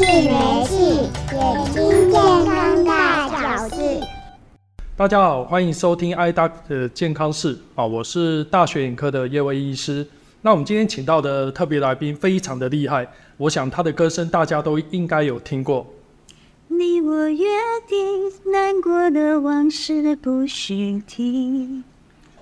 眼睛健康大小事。大家好，歡迎收聽愛大的、呃、健康室啊，我是大學眼科的葉威醫師。那我們今天請到的特別來賓非常的厲害，我想他的歌聲大家都應該有聽過。你我約定，難過的往事不許提。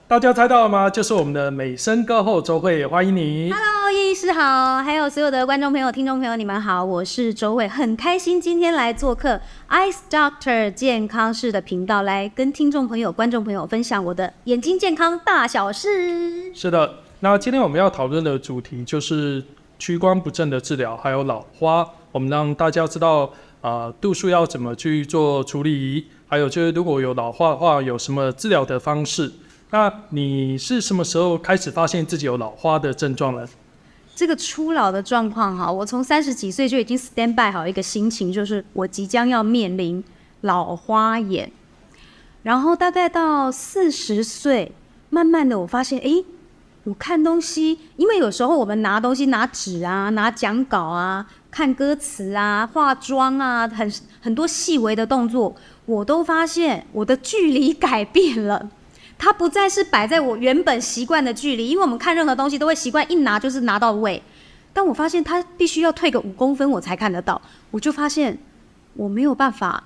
大家猜到了嗎？就是我們的美聲歌后周蕙，歡迎你。Hello，葉醫師好，還有所有的觀眾朋友、聽眾朋友，你們好，我是周蕙，很開心今天來做客 Ice Doctor 健康室的頻道，來跟聽眾朋友、觀眾朋友分享我的眼睛健康大小事。是的，那今天我們要討論的主題就是屈光不正的治療，還有老花，我們讓大家知道啊、呃、度數要怎麼去做處理，還有就是如果有老化的話，有什麼治療的方式。那你是什麼時候開始發現自己有老花的症狀了？這個初老的狀況哈，我從三十幾歲就已經 stand by 好一個心情，就是我即將要面臨老花眼。然後大概到四十歲，慢慢的我發現，哎、欸，我看東西，因為有時候我們拿東西、拿紙啊、拿講稿啊、看歌詞啊、化妝啊，很很多細微的動作，我都發現我的距離改變了。它不再是擺在我原本習慣的距離，因為我們看任何東西都會習慣一拿就是拿到位。但我發現它必須要退個五公分我才看得到，我就發現我沒有辦法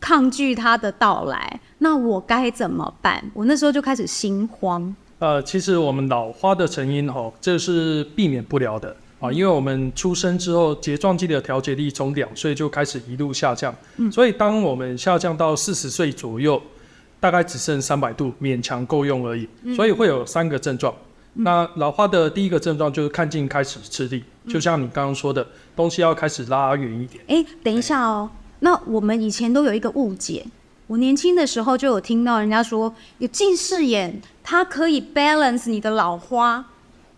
抗拒它的到來。那我該怎麼辦？我那時候就開始心慌。呃，其實我們老花的成因哦，這是避免不了的啊、嗯，因為我們出生之後睫狀肌的調節力從兩歲就開始一路下降、嗯，所以當我們下降到四十歲左右。大概只剩三百度，勉強夠用而已，所以會有三個症狀、嗯。那老花的第一個症狀就是看近開始吃力，嗯、就像你剛剛說的，東西要開始拉遠一點。哎、欸，等一下哦，那我們以前都有一個誤解，我年輕的時候就有聽到人家說，有近視眼它可以 balance 你的老花，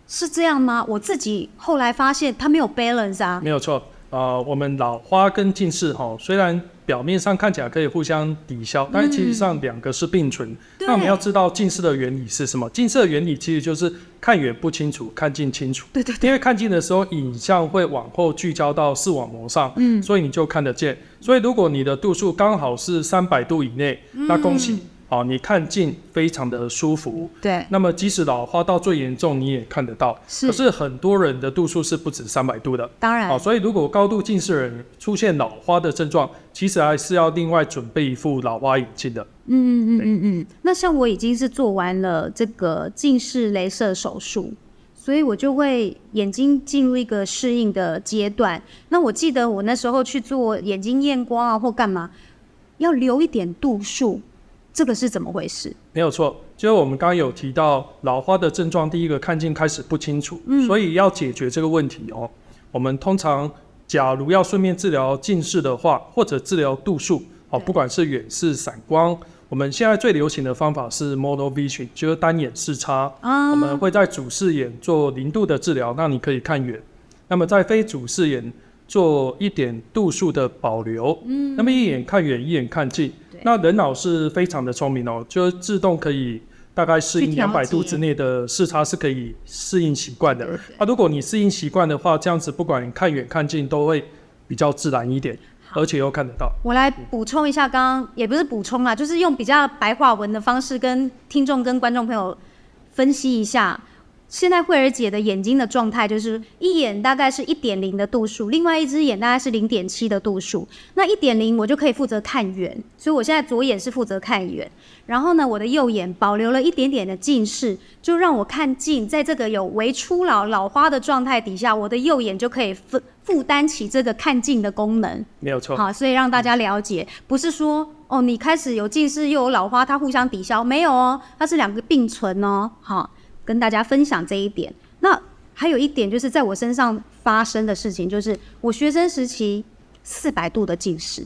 是這樣嗎？我自己後來發現它沒有 balance 啊。沒有錯，呃，我們老花跟近視哈，雖然。表面上看起來可以互相抵消，但其實上兩個是並存，嗯。那我們要知道近視的原理是什麼？近視的原理其實就是看遠不清楚，看近清楚。對，對，對。因為看近的時候，影像會往後聚焦到視網膜上，嗯，所以你就看得見。所以如果你的度數剛好是三百度以內，那恭喜。嗯哦，你看近非常的舒服，對。那麼即使老花到最嚴重，你也看得到。是。可是很多人的度數是不止三百度的。當然。哦，所以如果高度近視人出現老花的症狀，其實還是要另外準備一副老花眼鏡的。嗯嗯嗯嗯嗯。那像我已經是做完了這個近視雷射手術，所以我就會眼睛進入一個適應的階段。那我記得我那時候去做眼睛驗光啊，或幹嘛，要留一點度數。這個是怎麼回事？沒有錯，就是我們剛剛有提到老花的症狀，第一個看近開始不清楚。嗯，所以要解決這個問題哦。我們通常，假如要順便治療近視的話，或者治療度數，哦，不管是遠視、散光，我們現在最流行的方法是 monovision，就是單眼視差。嗯，我們會在主視眼做零度的治療，讓你可以看遠。那麼在非主視眼。做一點度數的保留，嗯，那麼一眼看遠，一眼看近，對，那人腦是非常的聰明哦，就自動可以大概適應兩百度之內的視差是可以適應習慣的對對對。那如果你適應習慣的話，這樣子不管看遠看近都會比較自然一點，而且又看得到。我來補充一下剛剛，剛剛也不是補充啦，就是用比較白話文的方式跟聽眾、跟觀眾朋友分析一下。現在蕙兒姐的眼睛的狀態就是，一眼大概是一點零的度數，另外一只眼大概是零點七的度數。那一點零我就可以負責看遠，所以我現在左眼是負責看遠。然後呢，我的右眼保留了一點點的近視，就讓我看近。在這個有微初老老花的狀態底下，我的右眼就可以負負擔起這個看近的功能。沒有錯。好，所以讓大家了解，不是說哦，你開始有近視又有老花，它互相抵消，沒有哦，它是兩個並存哦。好。跟大家分享這一點。那還有一點就是在我身上發生的事情，就是我學生時期四百度的近視，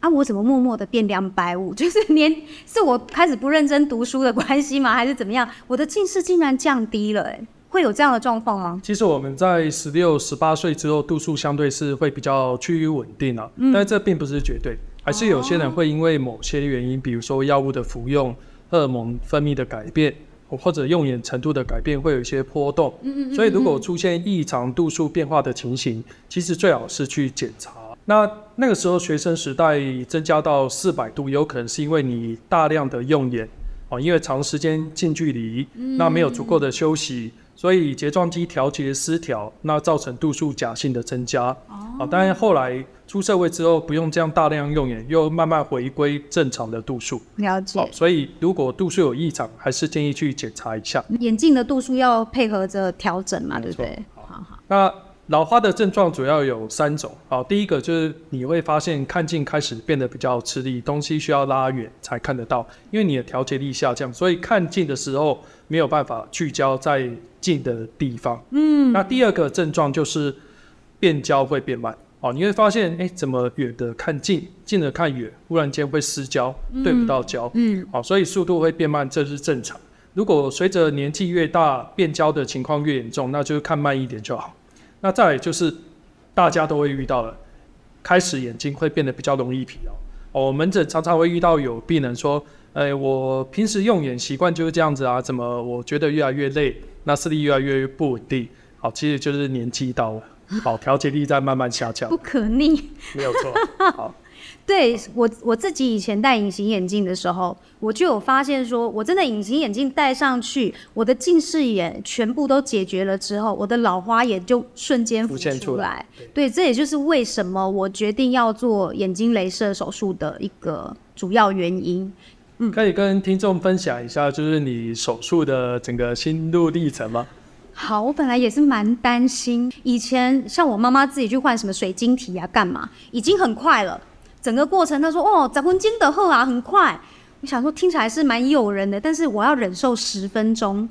啊，我怎麼默默的變兩百五？就是連是我開始不認真讀書的關係嗎？還是怎麼樣？我的近視竟然降低了。欸，會有這樣的狀況嗎？其實我們在十六、十八歲之後度數相對是會比較趨於穩定了。啊嗯，但這並不是絕對，還是有些人會因為某些原因，哦、比如說藥物的服用、荷爾蒙分泌的改變。或者用眼程度的改變會有一些波動，所以如果出現異常度數變化的情形， 其實最好是去檢查。那那個時候學生時代增加到四百度，有可能是因為你大量的用眼，哦，因為長時間近距離， 那沒有足夠的休息。所以睫狀肌調節失調，那造成度數假性的增加。哦，當然後來出社會之後，不用這樣大量用眼，又慢慢回歸正常的度數。了解。所以如果度數有異常，還是建議去檢查一下。眼鏡的度數要配合着調整嘛，對不對？好好。那老花的症狀主要有三種。好，第一個就是你會發現看近開始變得比較吃力，東西需要拉遠才看得到，因為你的調節力下降，所以看近的時候。沒有辦法聚焦在近的地方，嗯，那第二個症狀就是變焦會變慢，哦，你會發現，哎，怎麼遠的看近，近的看遠，忽然間會失焦，對不到焦，嗯，好、嗯哦，所以速度會變慢，這是正常。如果隨着年紀越大，變焦的情況越嚴重，那就看慢一點就好。那再來就是大家都會遇到了，開始眼睛會變得比較容易疲勞，哦，我門診常常會遇到有病人說。哎、欸，我平時用眼習慣就是這樣子啊，怎麼我覺得越來越累，那視力越來越不穩定，好，其實就是年紀到了，好，調節力在慢慢下降，啊，不可逆，沒有錯 。對，我我自己以前戴隱形眼鏡的時候，我就有發現說，說我真的隱形眼鏡戴上去，我的近視眼全部都解決了之後，我的老花眼就瞬間浮、浮現出來對。對，這也就是為什麼我決定要做眼睛雷射手術的一個主要原因。可以跟聽眾分享一下，就是你手術的整個心路歷程嗎？好，我本來也是蠻擔心，以前像我媽媽自己去換什麼水晶體呀、啊，幹嘛已經很快了，整個過程她說哦，十分鐘就好啊，很快。我想說聽起來是蠻誘人的，但是我要忍受十分鐘，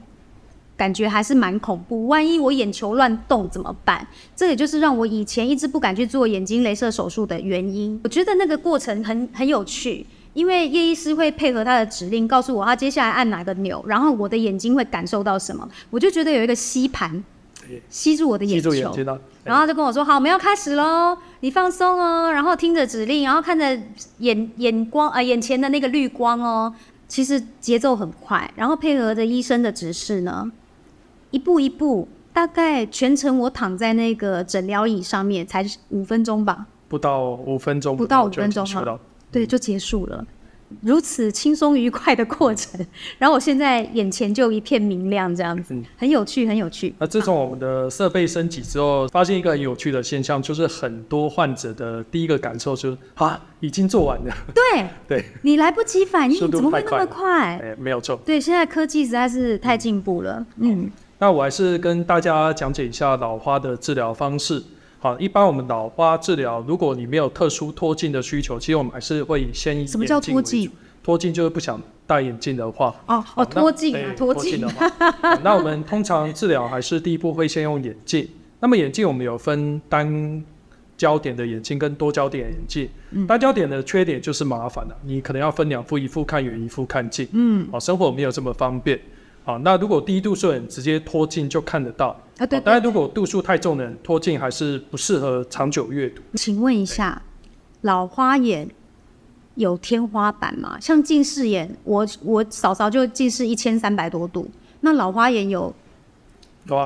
感覺還是蠻恐怖，萬一我眼球亂動怎麼辦？這也就是讓我以前一直不敢去做眼睛雷射手術的原因。我覺得那個過程很很有趣。因為葉醫師會配合他的指令，告訴我他、啊、接下來按哪個鈕，然後我的眼睛會感受到什麼，我就覺得有一個吸盤、欸，吸住我的眼球眼睛、欸，然後就跟我說：“好，我們要開始嘍，你放鬆哦、喔，然後聽着指令，然後看着眼眼光、呃、眼前的那個綠光哦、喔，其實節奏很快，然後配合着醫生的指示呢，一步一步，大概全程我躺在那個診療椅上面才五分鐘吧，不到五分鐘，不到五分鐘嗎？”對，就結束了，如此輕鬆愉快的過程。然後我現在眼前就一片明亮，這樣子、嗯，很有趣，很有趣。那自從我們的設備升級之後，發現一個很有趣的現象，就是很多患者的第一個感受就是啊，已經做完了。對對，你來不及反應，你怎麼會那麼快？哎、欸，沒有錯。對，現在科技實在是太進步了嗯。嗯，那我還是跟大家講解一下老花的治療方式。好，一般我們老花治療，如果你沒有特殊脫鏡的需求，其實我們還是會以先以眼鏡。什麼叫脫鏡？脫鏡就是不想戴眼鏡的話。哦哦，脫、嗯、鏡啊，脫鏡、啊欸、的話。 那我們通常治療還是第一步會先用眼鏡。 那麼眼鏡我們有分單焦點的眼鏡跟多焦點的眼鏡、嗯。單焦點的缺點就是麻煩了、啊，你可能要分兩副，一副看遠，一副看近。嗯。啊，生活沒有這麼方便。好、啊，那如果低度數直接脫鏡就看得到。啊對對啊，但如果度數太重的人脫鏡還是不適合長久閱讀。請問一下，老花眼有天花板嗎？像近視眼，我我嫂嫂就近視一千三百多度，那老花眼有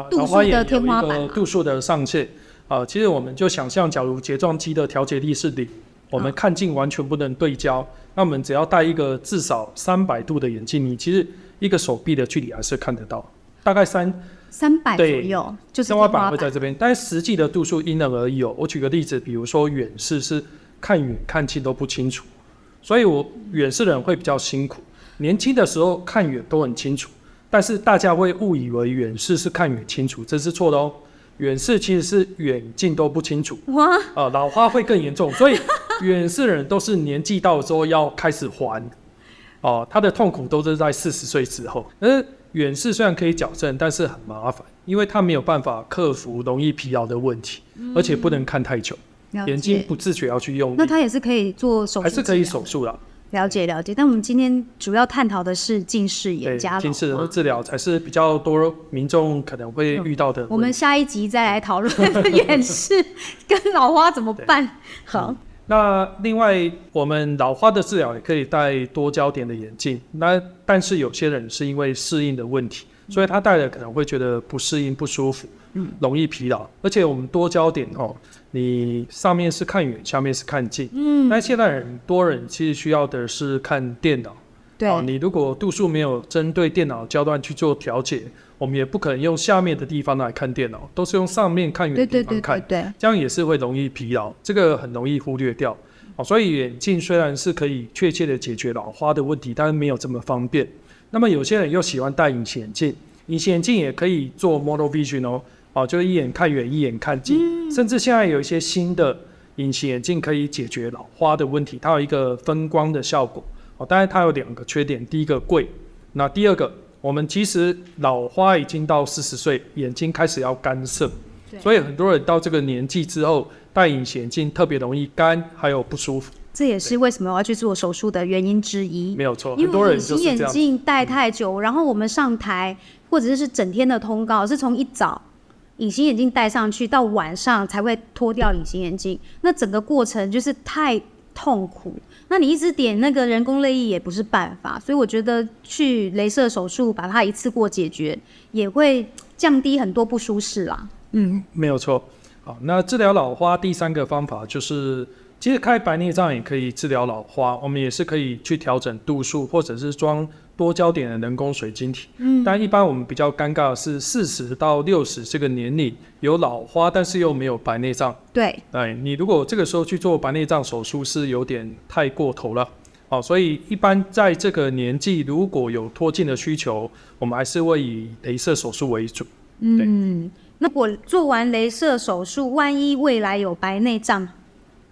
度數的天花板？有啊，老花眼有一個度數的上限。啊，其實我們就想象，假如睫狀肌的調節力是零，我們看近完全不能對焦、啊，那我們只要戴一個至少三百度的眼鏡，你其實。一個手臂的距離還是看得到，大概三三百左右，就是天花板，天花板會在這邊，但實際的度數因人而異、哦。我舉個例子，比如說遠視是看遠看近都不清楚，所以我遠視的人會比較辛苦。年輕的時候看遠都很清楚，但是大家會誤以為遠視是看遠清楚，這是錯的哦。遠視其實是遠近都不清楚，哇！呃、老花會更嚴重，所以遠視的人都是年紀到的時候要開始還。 哦，他的痛苦都是在四十歲之後。而遠視雖然可以矯正，但是很麻煩，因為他沒有辦法克服容易疲勞的問題、嗯，而且不能看太久，眼睛不自覺要去用。那他也是可以做手術，還是可以手術的。了解了解。但我們今天主要探討的是近視眼加近視的治療，才是比較多民眾可能會遇到的、嗯。我們下一集再來討論遠視跟老花怎麼辦。好。嗯那另外，我們老花的治療也可以戴多焦點的眼鏡。那但是有些人是因為適應的問題，所以他戴了可能會覺得不適應、不舒服，嗯，容易疲勞。而且我們多焦點哦，你上面是看遠，下面是看近。嗯，那現在很多人其實需要的是看電腦。對啊、哦，你如果度數沒有針對電腦焦段去做調節，我們也不可能用下面的地方來看電腦，都是用上面看遠的地方看對對對對對對，這樣也是會容易疲勞，這個很容易忽略掉。哦，所以眼鏡雖然是可以確切的解決老花的問題，但是沒有這麼方便。那麼有些人又喜歡戴隱形眼鏡，隱形眼鏡也可以做 mono vision 哦，哦，就是一眼看遠，一眼看近、嗯，甚至現在有一些新的隱形眼鏡可以解決老花的問題，它有一個分光的效果。哦，當然它有兩個缺點，第一個貴，那第二個，我們其實老花已經到四十歲，眼睛開始要乾澀，對，所以很多人到這個年紀之後戴隱形眼鏡特別容易乾，還有不舒服。這也是為什麼我要去做手術的原因之一。沒有錯，因為隱形眼鏡戴太，太久，然後我們上台、嗯、或者是是整天的通告，是從一早隱形眼鏡戴上去到晚上才會脫掉隱形眼鏡，那整個過程就是太。痛苦，那你一直點那個人工淚液也不是辦法，所以我覺得去雷射手術把它一次過解決，也會降低很多不舒適啦。嗯，沒有錯。好，那治療老花第三個方法就是，其實開白內障也可以治療老花，我們也是可以去調整度數或者是裝。多焦點的人工水晶體，嗯，但一般我們比較尷尬的是四十到六十這個年齡有老花，但是又沒有白內障，對，哎，你如果這個時候去做白內障手術是有點太過頭了，好，哦，所以一般在這個年紀如果有脫鏡的需求，我們還是會以鐳射手術為主，對，嗯，那我做完鐳射手術，萬一未來有白內障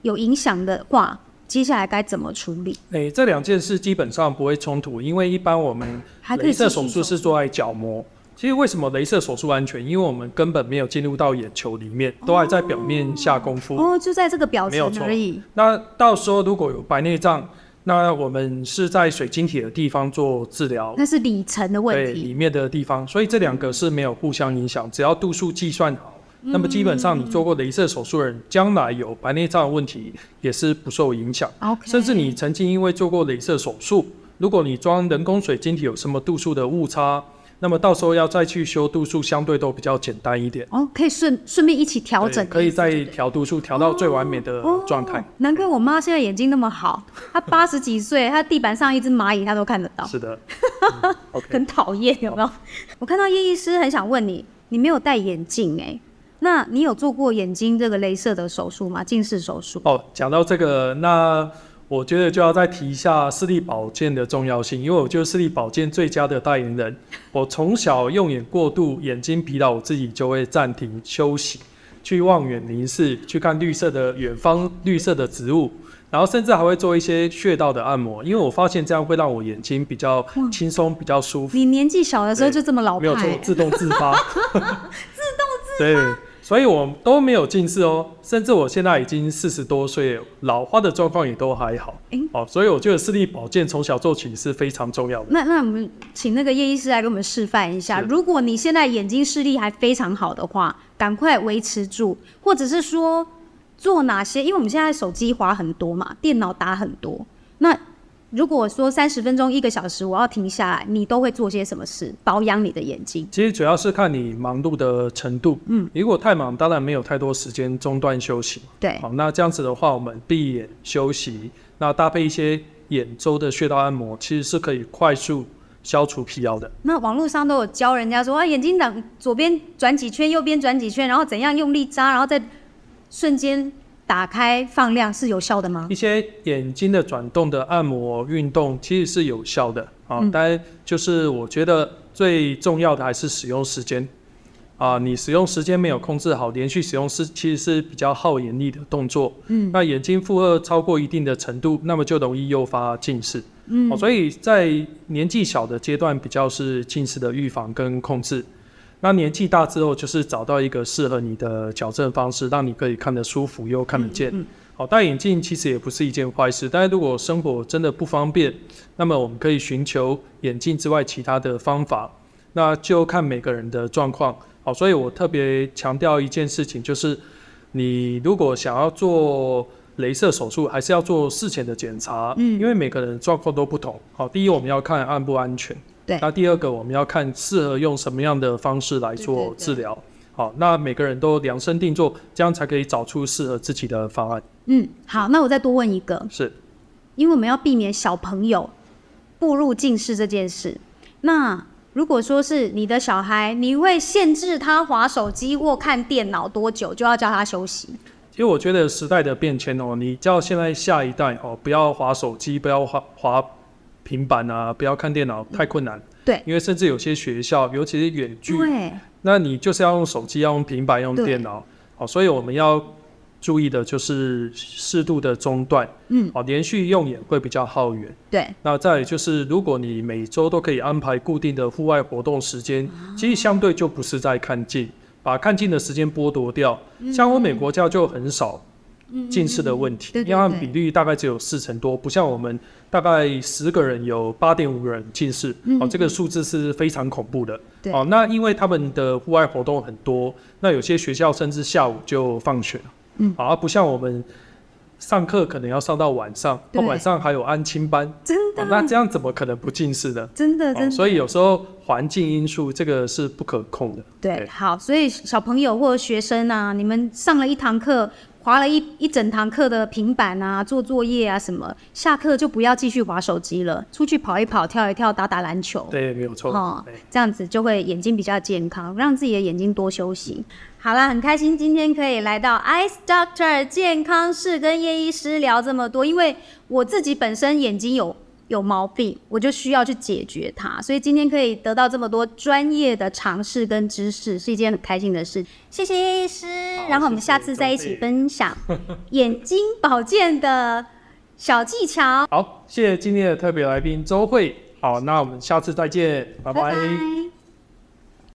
有影響的話，接下來該怎麼處理？誒，這兩件事基本上不會衝突，因為一般我們雷射手術是做在角膜。其實為什麼雷射手術安全？因為我們根本沒有進入到眼球裡面，都還在表面下功夫。哦，哦，就在這個表層而已。那到時候如果有白內障，那我們是在水晶體的地方做治療。那是裡層的問題，裡面的地方，所以這兩個是沒有互相影響，只要度數計算好。那麼基本上，你做過雷射手術的人，將、嗯、來有白內障的問題也是不受影響。Okay. 甚至你曾經因為做過雷射手術，如果你裝人工水晶體有什麼度數的誤差，那麼到時候要再去修度數，相對都比較簡單一點。哦，可以順順便一起調整，可以再調度數，調到最完美的狀態。、哦哦。難怪我媽現在眼睛那麼好，她八十幾歲，她 地板上一隻螞蟻她都看得到。是的。嗯、okay, 很討厭有沒有？哦、我看到葉醫師，很想問你，你沒有戴眼鏡哎、欸。那你有做過眼睛這個鐳射的手術嗎？近視手術？哦，講到這個，那我覺得就要再提一下視力保健的重要性，因為我就是視力保健最佳的代言人。我從小用眼過度，眼睛疲勞，我自己就會暫停休息，去望遠凝視，去看綠色的遠方、綠色的植物，okay. 然後甚至還會做一些穴道的按摩，因為我發現這樣會讓我眼睛比較輕鬆、嗯、比較舒服。你年紀小的時候就這麼老派、欸？沒有做，自動自發， 自動自發。 對。所以，我都沒有近視哦，甚至我現在已經四十多歲，老花的狀況也都還好、欸。哦，所以我覺得視力保健從小做起是非常重要的。那那我們請那個葉醫師來給我們示範一下。如果你現在眼睛視力還非常好的話，趕快維持住，或者是說做哪些？因為我們現在手機滑很多嘛，電腦打很多，那。如果說三十分鐘一個小時，我要停下來，你都會做些什麼事保養你的眼睛？其實主要是看你忙碌的程度。嗯，如果太忙，當然沒有太多時間中斷休息。對，好，那這樣子的話，我們閉眼休息，那搭配一些眼周的穴道按摩，其實是可以快速消除疲勞的。那網絡上都有教人家說啊，眼睛往左邊轉幾圈，右邊轉幾圈，然後怎樣用力扎，然後再瞬間，打開放量是有效的嗎？一些眼睛的轉動的按摩運動其實是有效的啊、嗯，但就是我覺得最重要的還是使用時間啊，你使用時間沒有控制好，連續使用是其實是比較耗眼力的動作。嗯，那眼睛負荷超過一定的程度，那麼就容易誘發近視。嗯，啊、所以在年紀小的階段，比較是近視的預防跟控制。那年紀大之後，就是找到一個適合你的矯正方式，讓你可以看得舒服又看得見。嗯嗯、好，戴眼鏡其實也不是一件壞事，但是如果生活真的不方便，那麼我們可以尋求眼鏡之外其他的方法。那就看每個人的狀況。好，所以我特別強調一件事情，就是你如果想要做雷射手術，還是要做事前的檢查、嗯，因為每個人狀況都不同。好，第一我們要看安不安全。對，那第二個，我們要看適合用什麼樣的方式來做治療。好，那每個人都量身定做，這樣才可以找出適合自己的方案。嗯，好，那我再多問一個。是，因為我們要避免小朋友步入近視這件事。那如果說是你的小孩，你會限制他滑手機或看電腦多久就，嗯、多要多久就要叫他休息？其實我覺得時代的變遷哦、喔，你叫現在下一代哦、喔，不要滑手機，不要滑。滑。平板啊，不要看電腦、嗯、太困難。對，因為甚至有些學校，尤其是遠距，那你就是要用手機、要用平板、用電腦。好、哦，所以我們要注意的就是適度的中斷。嗯。好、哦，連續用眼會比較耗遠。對。那再就是，如果你每周都可以安排固定的戶外活動時間、啊，其實相對就不是在看近，把看近的時間剝奪掉。像歐美國家就很少。嗯嗯近視的問題，要、嗯、按、嗯嗯、比例大概只有四成多，不像我們大概十個人有八點五個人近視。嗯嗯嗯，哦，這個數字是非常恐怖的。哦，那因為他們的戶外活動很多，那有些學校甚至下午就放學，嗯，而、啊、不像我們上課可能要上到晚上，晚上還有安親班，真的、哦，那這樣怎麼可能不近視呢？真的，真的，哦、所以有時候環境因素這個是不可控的對。對，好，所以小朋友或學生啊，你們上了一堂課。滑了一一整堂課的平板啊，做作業啊什麼，下課就不要繼續滑手機了，出去跑一跑，跳一跳，打打籃球。對，沒有錯。哦，這樣子就會眼睛比較健康，讓自己的眼睛多休息。好啦，很開心今天可以來到 Eyes Doctor 健康室跟葉醫師聊這麼多，因為我自己本身眼睛有。有毛病，我就需要去解決它，所以今天可以得到這麼多專業的嘗試跟知識，是一件很開心的事。謝謝葉醫師，然後我們下次再一起分享眼睛保健的小技巧。 好，謝謝今天的特別來賓周蕙。好，那我們下次再見，拜拜。拜拜。